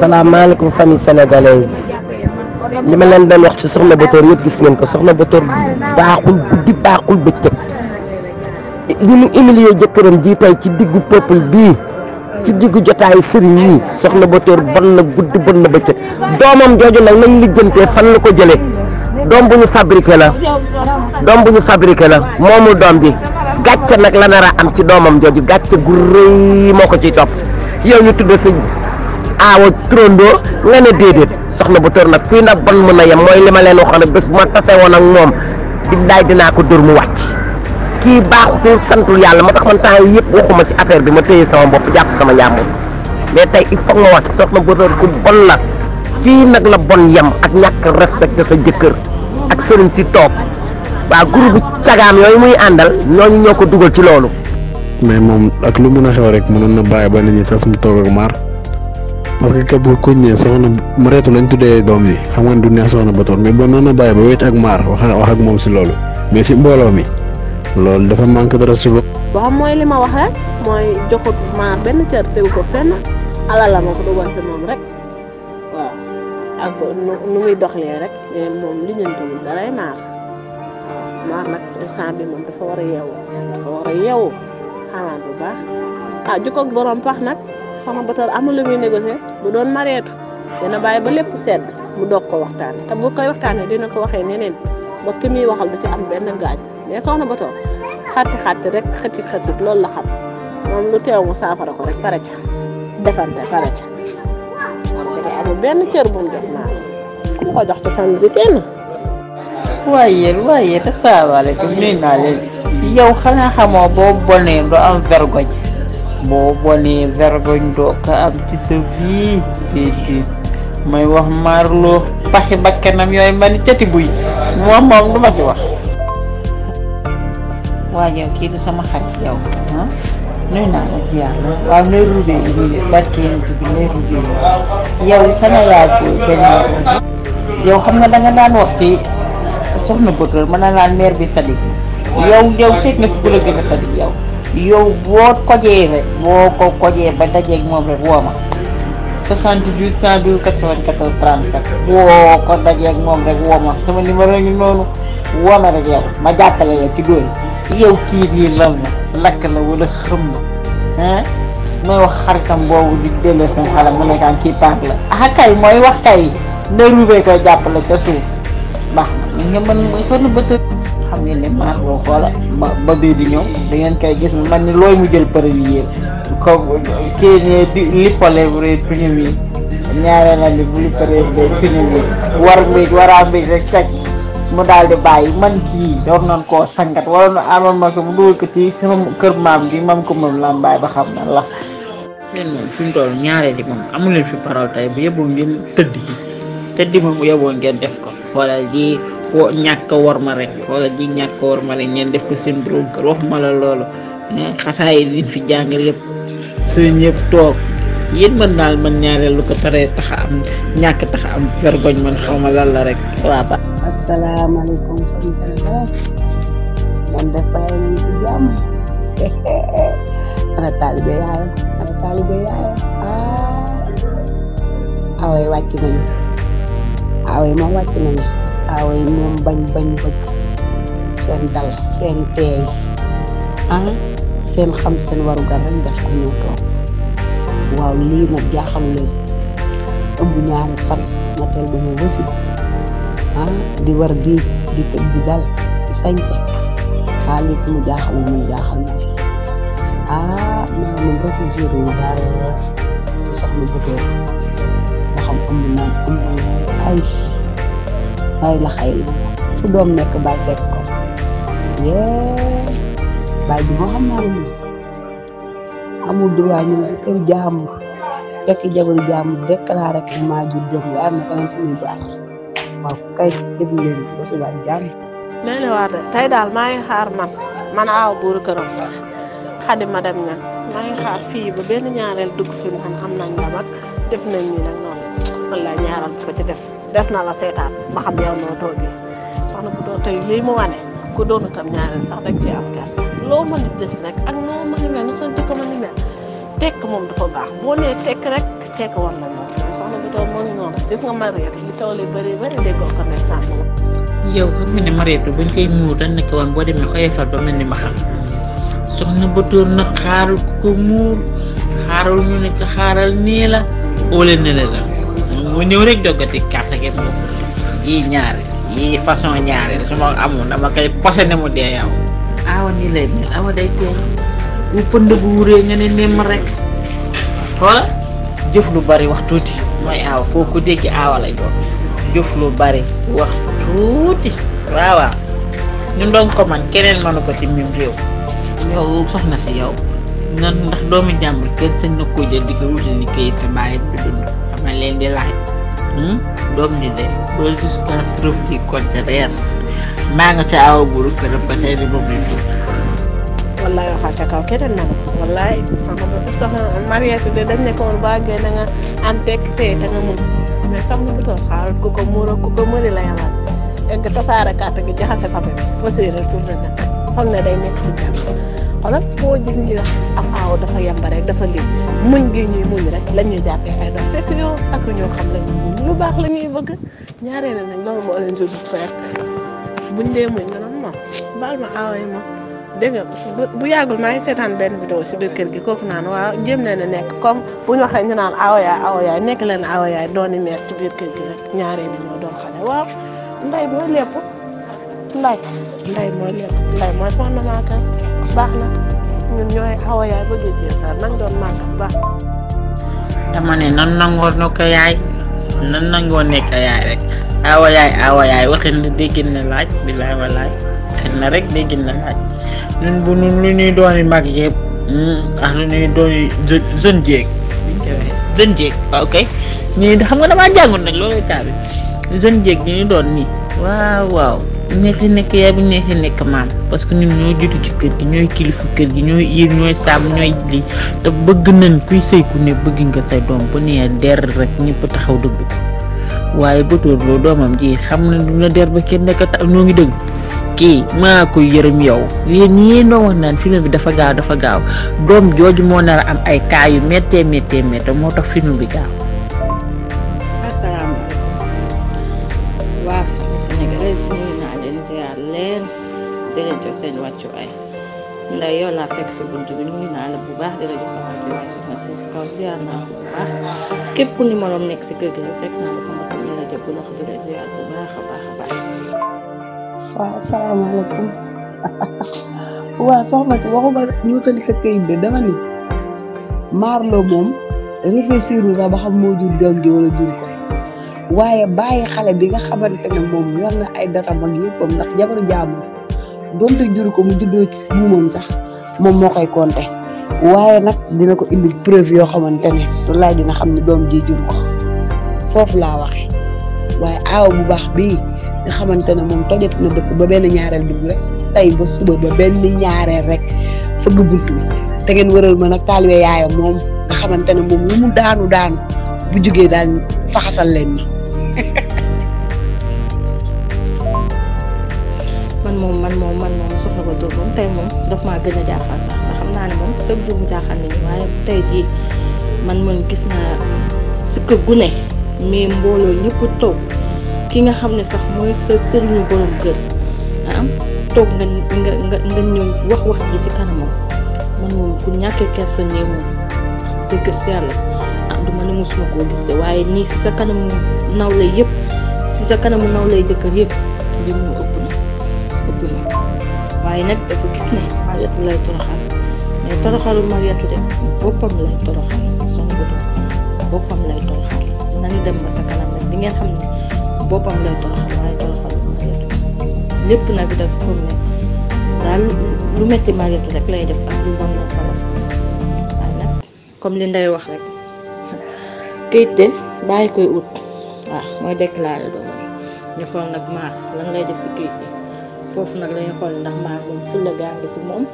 salaamaaleykum famille sénégalaise li ma leen doon wax ci soxna Bator yëpp gis ngeen ko soxna Bator baaxul guddi baaxul bëccëg li mu humilier jëkkëram ji tey ci diggu peuple bii ci diggu jotaayu sëriñ yi soxna Bator bon na guddi bon na bëccëg doomam jooju nag nañ lijjantee fan la ko jëlee doom bu ñu fabriqué la doom bu ñu fabriqué la moomu doom ji gàcce nag la nar a am ci doomam jooju gàcce gu moo ko ciy topp yow ñu tudd sëñ aawa turandoo nga ne déedéet soxna bu tóor nag fii nag bon mën a yem mooy li ma leen waxoon rek bés bu ma tase woon ak moom billaay dinaa ko dóor mu wàcc kii baaxutul santul yàlla moo tax man temps yii yëpp waxuma ci affaire bi ma téye sama bopp jàpp sama njàmbur mais tey il faut nga wax soxna bu tóor ku bon la fii nag la bon yem ak ñàkk respecté sa jëkkër ak sëriñ si toog waaw groupe cagaam yooyu muy àndal ñooñu ñoo ko dugal ci loolu. mais moom ak lu mun a xew rek mënoon na bàyyi ba li parce que képp kuñ ne soxna mu reetu lañ tuddee doom yi xam nga du neex soxna ba toon mais boo noonu bàyyi ba wéet ak maar wax ak moom si loolu mais si mbooloo mi loolu dafa manque de respect. maar maar nag instant moom dafa war a yeewu dafa war a yeewu xanaa bu baax ah jukkoog borom pax nag. sama batar amul lu muy négocier bu doon mareetu dina bàyyi ba lépp sedd mu doog ko waxtaanee te bu koy waxtaanee dina ko waxee neneen ba ki muy waxal du ci am benn gaañ mais soxna Batoor xatti xatti rek xëtit xëtit loolu la xam moom lu teew mu saafara ko rek pare ca defante pare ca te amul benn cër bu mu jox naa ku mu ko jox ci famille bi kenn. waaye waaye asalaamaaleykum nuyu naa leen yow xanaa xamoo boo bonee doo am vergogne. boo bonee vergogne doo ko am ci sa vie déedéet may wax maarloo paxi bakkanam yooyu ma ni cati buy moom moom du ma si wax waa yow kii du sama xarit yow ah? nuy naa la ziar la waaw lay rubee yi bi lay rubee yi yow sama yaay booy yow xam nga danga daan wax ci soxna bëgg mën a naan meer bi sadik yow yow fekk na fu a sadik yow yow boo kojee rek boo ko kojee ba dajeeg moom rek woo ma 78 112 94 35 boo ko dajeeg moom rek woo ma sama numéro ngi noonu woo ma rek yow ma jàppale la ci góor yow kii bii lan la lakk la wala xëm na ah mooy wax xaritam boobu di delloo seen xalam mu nekkaan kii paak la ah mooy wax kay ne ruubee koy jàppale ca suuf baax na nga mën sonu bëtt xam ngeen ne maa ngi ko ba ba di ñëw da ngeen koy gis man ni looy mu jël premier ko kii ne li palèvre premier ñaareel na ni bu li palèvre premier war mbiig waraa mbiig rek teg mu daal di bàyyi man kii doon nañ koo sangat wala nu amal ma ko mu dugal ko ci sama kër maam gi mam ko moom lam bàyyi ba xam na la leen moom fi mu toll ñaareel yi moom amu fi parole tey bu yeboo ngeen tëdd ci tëdd moom bu yeboo ngeen def ko wala lii wo ñàkk war ma rek xoolal ji ñàkk war ma rek ngeen def ko seen borom kër ma la loolu ah, xasaa yi liñ fi jàngal yëpp sëriñ yëpp toog yéen mën daal man ñaareel lu ko taree taxa am ñàkk taxa am vergogne ma lan la rek waa ba asalaamaaleykum comme Sénégal man def bàyyi nañ ci jàmm ana taalibe yaayam ana taalibe ah. nañu aawa yi moom bañ bañ bëgg seen dal seen teey ah seen xam seen warugar rek def ko ñëw toog waaw lii ba ñu wësi ah, di war bii di tëj di dal di sañte xaalis mu jaaxal mu jaaxal ma ah maa ngi réfugié daal di soxla bu nga xam ëmb naan ëmb ay. lay la la fu doom nekk bay fekk yee bay moo xam naa la ñu amul si kër jàmbur fekk jabaru jàmbur déclaré ko maa jur doom yi am na feneen fu muy jaar waaw kay déglu leen ba daal maa xaar man man aaw buuru këram xadi ma dem ñan maa xaar fii ba ñaareel dugg fi mu xam am nañ la mag def nañ ni nag noonu man ñaaral ko ci def. des na la seetaan ba xam yow noo toogee soxna bu doo tey mu wane ku doonu tam ñaareel sax dañ am kersa loo mën di def rek ak noo mën di mel nu sa jikko mën di mel tekk moom dafa baax boo nee tekk rek tekk war na yoon soxna bu buñ koy muur dañ nekk boo demee oyofal nag xaarul ku ko muur xaarul ñu ne ko xaaral nii la óole la moo ñëw rek doggati carte gi moom yii ñaari yii façon ñaari su ma amul dama koy posé ne mu dee yow. awa nii lay mel awa day teey bu pënd bu nga ne nemm rek xoola jëf lu bari wax tuuti mooy aaw foo ko dégg lu bari wax doon ko man keneen mënu ko ci mim réew yow soxna si yow nan ndax doomi jàmbur kenn sañ na koo jël di ko wutal ni këyit te bàyyi dund ma leen di laaj hmm? doom di de ba jusqu'à preuve du contraire maa nga ca awa buru këram ba tey di moom lañ dugg. wallaay waxal ca kaw keneen na wallaay soxna soxna de dañ ne ko woon ba nga am tekk tey da nga mën mais soxna bu xaaral ku ko muur ku ko mëri la yamal egg tasaare kàtt gi jaxase famille bi fa séeréer tourné na foog ne day nekk si jàmm xoolal foo gis ñu waaw dafa yamba rek dafa lii muñ gi muñ rek lañ ñuy jàppee fekk ñoo ak ñoo xam lañ lu baax la ñuy bëgg ñaareelu nag loolu moo leen jur fekk buñ dee muñ nga naan moom ma ah, aaway ma bu yàggul maa ngi seetaan benn vidéo si biir kër gi kooku naan waaw a nekk kom bu ñu waxee ñu naan aawayaay ah, aawayaay ah, nekk leen aawayaay dooni meer ci biir kër gi rek ñaareelu doon xale waaw nday mooy lépp nday mooy lépp nday mooy fondement kër baax na. ñun ñooy xaw a yaay ba géej biir xaar nañ doon màgg bu dama ne nan nangoo no ko yaay nan nangoo nekk yaay rek awa yaay awa yaay waxin la déggin la laaj bilaay walaay waxin la rek déggin la laaj ñun bu ñun lu ñuy dooni mag yëpp ak lu ñuy dooni jeune jeeg jeune jeeg ok ñii xam nga damaa jàngoon nag loolu kaa bi jeune jeeg ñu doon nii waaw waaw ña fi nekk yaay bu ña nekk maam parce que ñun ñoo jiitu ci kër gi ñooy kilifu kër gi ñooy yéeg ñooy sàmm ñooy lii te bëgg nañ kuy sëy ku ne bëgg nga say doom bu nee der rek ñëpp taxaw dëgg waaye ba tóor doomam ji xam na du na der ba kenn nekk ta ñoo ngi dëgg kii maa koy yërëm yow yéen yéen noo wax naan film bi dafa gaaw dafa doom jooju moo nar am ay cas yu méttee méttee moo tax film bi gaaw. kenn di bu baax di la nekk si ma si waxuma ñu tali ka kayit de dama ni Marlo moom réfléchir nga ba xam moo jur doom ji wala jur ko. waaye bàyyi xale bi nga xamante moom yor na ay datam ak yëppam ndax jabaru ko mu juddoo moom sax moom moo koy compter waaye nag dina ko indil preuve yoo xamante ne wallaay dina xam ne doom ji juru ko foofu laa waxe waaye bu baax bii xamante ne moom tojati na dëkk ba benn ñaareel dugg tey ba suba ba benn rek fëgg bunt ngeen wëral ma nag taalibe yaayam xamante ne moom lu mu daanu daanu bu jugee daal faxasal leen ma tey moom daf maa gën a jaaxal sax ndax xam naa ne moom sa jour mu jaaxal nit ñi waaye tey jii man man gis naa si kër gune ne mais mbooloo ñëpp toog ki nga xam ne sax mooy sa ah, toog nga nga nga nga ñëw wax wax ji si kanamam man moom ku ñàkkee kersa nii moom dëgg seetlu ah du ma ne mosuma koo gis de waaye nii si sa kanamu naw lay yëpp si sa kanamu naw lay jëkkër yépp li moom ëpp na ëpp na. waaye nag dafa gis ne Mariétu lay toroxal mais toroxalu Mariétu dem boppam lay toroxal sama gudd boppam lay toroxal nañu dem ba sa kanam rek ngeen xam ne boppam lay toroxal waaye toroxalu Mariétu lépp nag dafa foog ne lu metti Mariétu rek lay def ak lu bon de bàyyi koy ut waaw mooy déclaré doom ñu xool nag maar lan lay def si këyit yi foofu nag lañuy xool ndax maan moom fulla gaa ngi si moom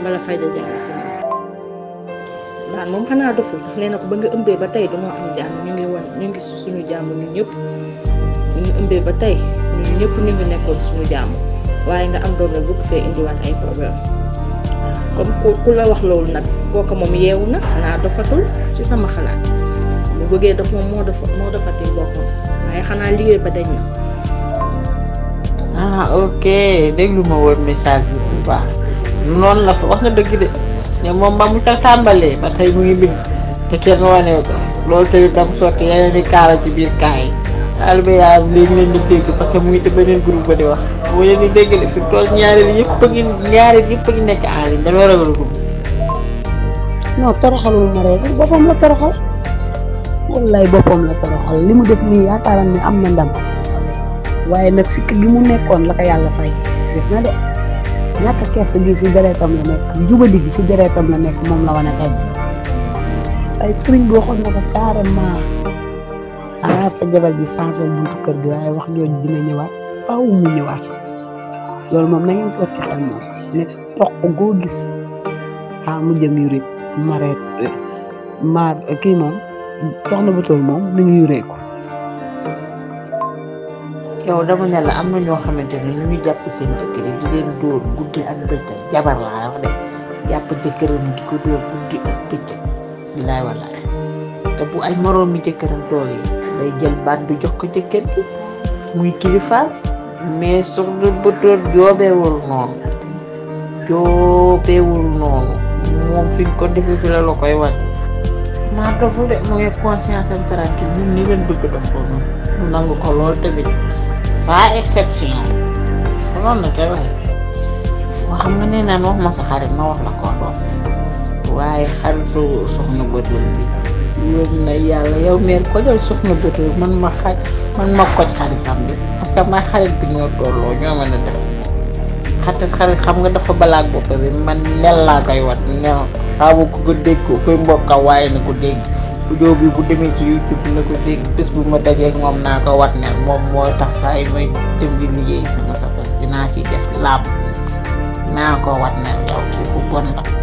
mbala fayda gaa ngi si moom maan moom xanaa doful ndax nee na ko ba nga ëmbee ba tey dañoo am jàmm ñu ngi woon ñu ngi suñu jàmm ñun ñëpp ñu ngi ëmbee ba tey ñun ñëpp ñu ngi nekkoon suñu jàmm waaye nga am doom la fee indiwaat ay problème comme ku ku la wax loolu nag kooka moom yeewu na xanaa dofatul ci sama xalaat bu bëggee dof moom moo dofa moo dofatil boppam waaye xanaa liggéey ba dañ na ah ok déglu ma woon message bi bu baax noonu la fa wax na dëgg de ne moom ba mu ca tàmbalee ba tey mu ngi bind te kenn wane ko loolu te dam sotti yeneen di kaala ci biir kaa yi taalibe yaa léegi leen di dégg parce que mu ngi ci beneen groupe di wax mu de fi tool ñaareel yëpp a ngi ñaareel yëpp a ngi nekk aal yi dañoo ragal ko non toroxalul ma rek boppam la toroxal wallaay boppam la toroxal li mu def nii yaakaaram ni am na ndam waaye nag si gi mu nekkoon la ko yàlla fay gis na de ñàkk kersa gi si deretam la nekk jubadi gi si deretam la nekk moom la wane tey ay sëriñ bi waxoon na ko sa jabar ji sansel buntu kër gi waaye wax jooju dina ñëwaat faaw mu ñëwaat loolu moom na ngeen si wàcc xel moom ne toq goo gis ah mu jëm yuréeg mareet eh, maar kii moom soxna bu toll moom mi ngi yuréeku yow dama ne la am na ñoo xamante ne ñu ngi jàpp seen jëkkër di leen dóor guddi ak bëccëg jabar laa wax de jàpp jëkkëram di ko dóor bu jox ko jëkkër bi muy kilifaal mais soxna bëtoor joobeewul noonu joobeewul noonu moom fi ko defee fi koy wàññi maa doful de mu ngi conscience am tranquille ñun ni leen mu nangu ko lool sans exception loolu lañ koy waxee waa xam nga ne naan wax ma sa xarit ma wax la ko doon waaye xaritu soxna bëtoor bi yóbbu na yàlla yow meen ko jël soxna bëtoor man ma xaj man ma koj xaritam bi parce que may xarit bi ñoo tolloo ñoo mën a def xarit xarit xam nga dafa balaag bopp bi man nel laa koy wat nel xamu ko ko dégg ko mbokka waaye na ko dégg vidéo bi bu demee ci youtube na ko dégg bés bu ma dajeeg moom naa ko wat ne moom moo tax saa yi may dem di liggéey sama sa bés dinaa ci def làmb naa ko wat ne yow kii ku bon la